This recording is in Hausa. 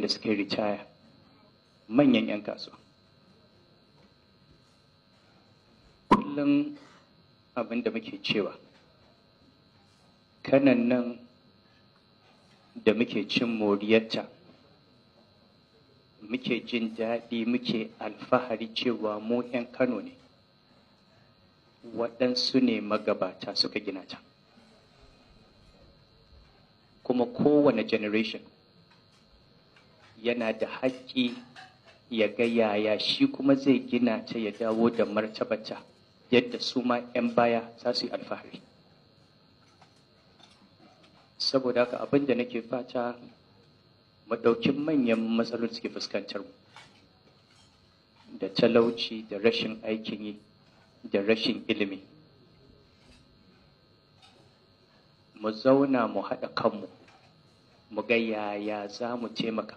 da suka yi ritaya manyan 'yan kasuwa kullum abin da muke cewa kanan nan da muke cin moriyarta muke jin daɗi muke alfahari cewa mu 'yan kano ne waɗansu ne magabata suka gina ta kuma kowane generation yana da haƙƙi ya ga yaya shi kuma zai gina ta ya dawo da martabata yadda su ma 'yan baya za su yi alfahari saboda haka abin da nake fata madaukin manyan matsalolin suke fuskantar mu da talauci da rashin aikin yi da rashin ilimi mu zauna mu haɗa kanmu mu ga yaya za mu taimaka